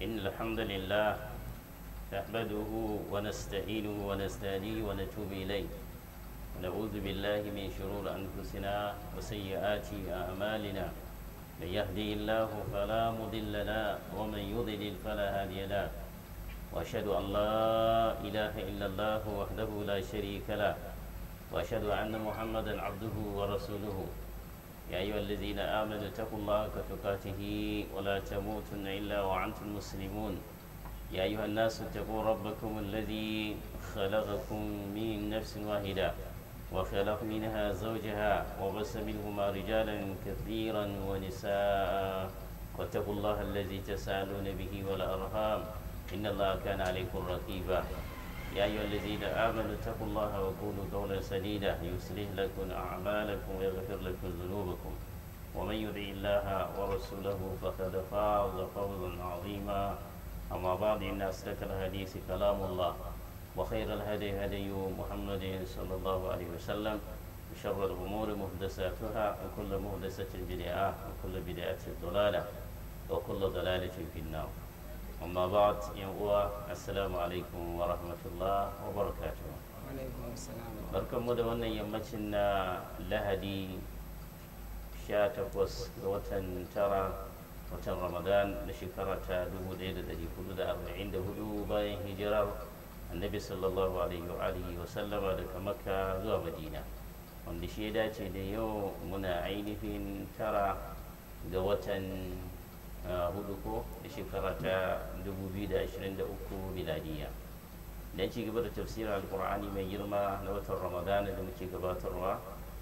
إن الحمد لله نحمده ونستعينه ونستهديه ونتوب إليه ونعوذ بالله من شرور أنفسنا وسيئات أعمالنا من يهدي الله فلا مضل له ومن يضلل فلا هادي له وأشهد أن لا إله إلا الله وحده لا شريك له وأشهد أن محمدا عبده ورسوله يا أيها الذين آمنوا اتقوا الله كتقاته ولا تموتن إلا وأنتم مسلمون يا أيها الناس اتقوا ربكم الذي خلقكم من نفس واحدة وخلق منها زوجها وبث منهما رجالا كثيرا ونساء واتقوا الله الذي تسألون به والأرham إن الله كان عليكم رقيبا يا أيها الذين آمنوا اتقوا الله وقولوا قولا سديدا يصلح لكم أعمالكم ويغفر لكم ذنوبكم ومن يطع الله ورسوله فقد فاز فوزا عظيما أما بعد إن أصدق الحديث كلام الله وخير الهدي هدي محمد صلى الله عليه وسلم وشر الأمور محدثاتها وكل محدثة بدعة وكل بدعة ضلالة وكل ضلالة في النار amma ba yan uwa assalamu alaikum wa rahmatullah wa barakatu barkanmu da wannan yammacin na lahadi 18 ga watan tara watan ramadan na shekara ta 1444 bayan hijirar annabi sallallahu alaihi wa alihi wa sallama zuwa madina wanda shi ya dace da yau muna ainihin tara ga watan hudu ko da shekara ta 2023 miladiya dan ci gaba da tafsirin alkur'ani mai girma na watan ramadana da muke gabatarwa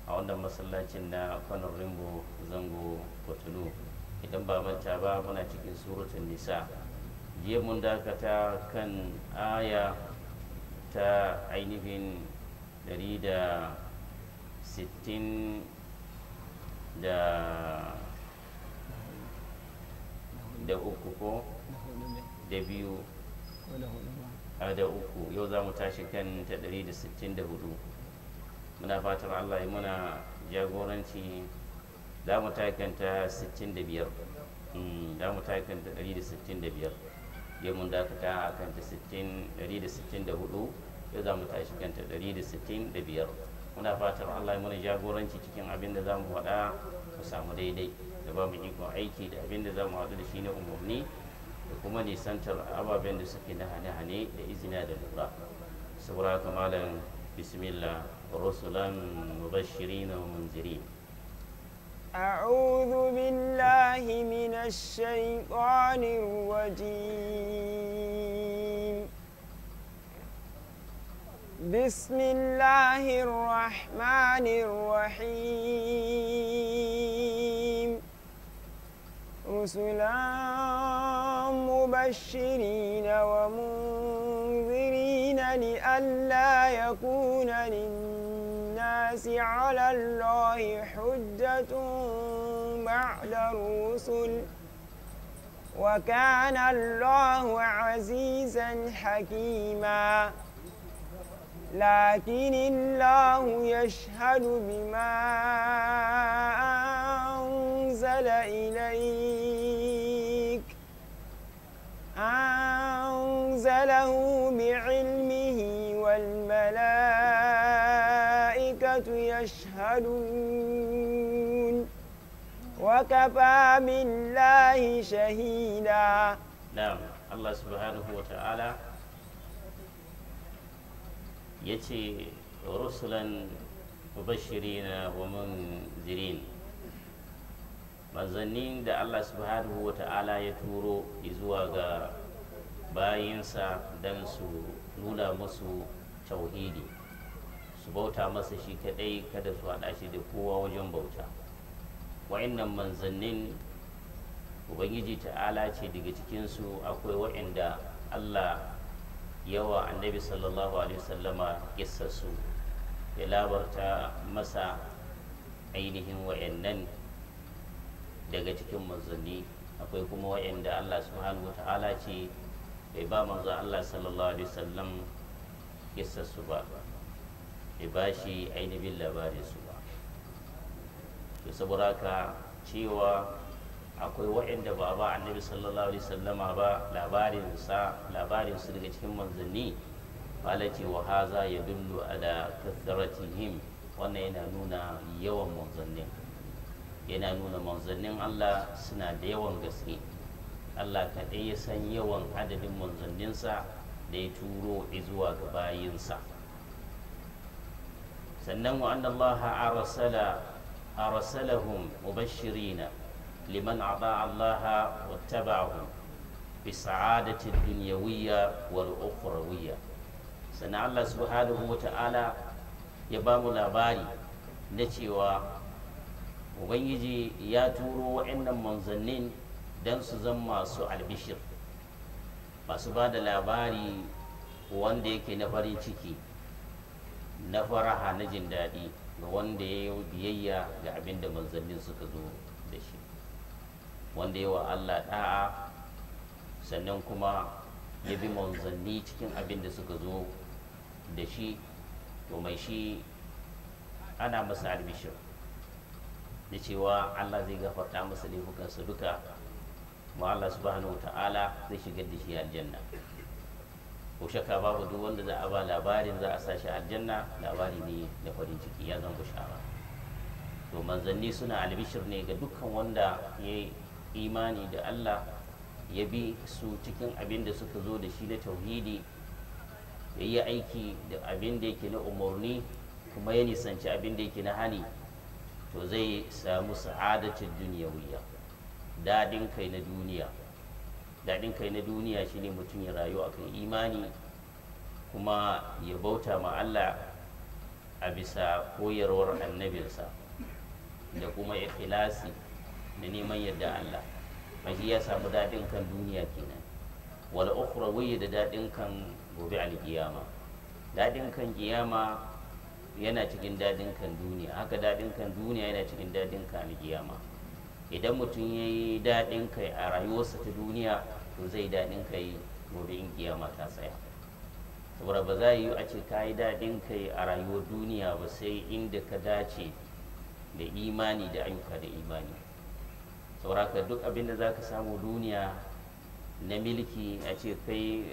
a wannan masallacin na kwanar rimbo zango kotunu idan ba manta ba muna cikin suratun nisa jiya mun dakata kan aya ta ainihin sittin da da uku ko da biyu a da uku yau za mu tashi kan ta ɗari da sittin da hudu muna fatar allah yi muna jagoranci za mu ta sittin da biyar hmm, za mu ta ɗari da sittin da biyar yau mun dakata a kan ta ɗari da sittin da hudu yau za mu tashi kan ta ɗari da sittin da biyar muna fatan allah ya muna jagoranci cikin abin da za mu faɗa ku samu daidai ka ba mu ikon aiki da abin da za mu haɗu da shi na umarni da kuma nisantar ababen da suke na hane-hane da izina da lura saboda kamalan bismillah rasulan mubashirin wa munzirin أعوذ بالله من الشيطان الرجيم بسم الله الرحمن الرحيم رسلا مبشرين ومنذرين لئلا يكون للناس على الله حجة بعد الرسل وكان الله عزيزا حكيما لكن الله يشهد بما أنزل إليك أنزله بعلمه والملائكة يشهدون وكفى بالله شهيدا نعم الله سبحانه وتعالى يتي رسلا مبشرين ومنذرين manzannin da Allah subhanahu wa ta'ala ya turo zuwa ga bayinsa don su nuna musu tauhidi su bauta masa shi kadai kada su haɗa shi da kowa wajen bauta wa'annan manzannin ubangiji ta'ala ce daga cikinsu akwai wa'anda Allah yawa annabi sallallahu alaihi wasallama su ya labarta masa ainihin wa'annan daga cikin manzanni akwai kuma wa'anda Allah subhanahu ta'ala ce bai ba manzo Allah sallallahu alaihi wasallam su ba bai ba shi ainihin labarin su ba to saboda haka cewa akwai wa'anda ba ba annabi sallallahu alaihi wasallama ba labarin sa labarin su daga cikin manzanni ce wa haza ya dullu ala kathratihim wannan yana nuna yawan manzannin yana nuna manzannin Allah suna da yawan gaske Allah kaɗai ya san yawan adadin manzanninsa da ya turo zuwa ga bayinsa sannan wa anna Allah arsala arsalahum mubashirina liman aba Allah wattaba'ahum bi sa'adati dunyawiyya wal ukhrawiyya sannan Allah subhanahu wa ta'ala ya ba mu labari na cewa ubangiji ya turo wa'annan manzannin don su zan masu albishir masu ba da labari wanda yake na farin ciki na faraha na jin daɗi ga wanda ya yi biyayya ga abin da manzannin suka zo da shi wanda ya wa allah ɗa'a sannan kuma ya bi manzanni cikin abin da suka zo da shi to mai shi ana masa albishir da cewa Allah zai gafarta masa laifukansa duka kuma Allah subhanahu ta'ala zai shigar da shi aljanna ko shakka babu duk wanda za a ba labarin za a sashi aljanna labari ne da farin ciki ya zan bushara to manzanni suna albishir ne ga dukkan wanda ya yi imani da Allah ya bi su cikin abin da suka zo da shi na tauhidi ya yi aiki da abin da yake na umarni kuma ya nisanci abin da yake na hani to zai samu duniya duniyawiya dadin kai na duniya dadin kai na duniya shine mutum ya rayu akan imani kuma ya bauta ma Allah a bisa koyarwar annabinsa da kuma ikhlasi da neman yadda Allah shi ya samu daɗin kan duniya kenan wal ukhrawiyya da daɗin kan gobe alkiyama daɗin kan ƙiyama. yana cikin dadin kan duniya haka dadin kan duniya yana cikin dadin na kiyama idan mutum ya yi dadin kai a rayuwarsa ta duniya to zai dadin kai gobe in kiyama ta tsaya saboda ba za yi a ce ka yi dadin kai a rayuwar duniya ba sai inda ka dace da imani da ayyuka da imani saboda duk abin za ka samu duniya na milki a ce kai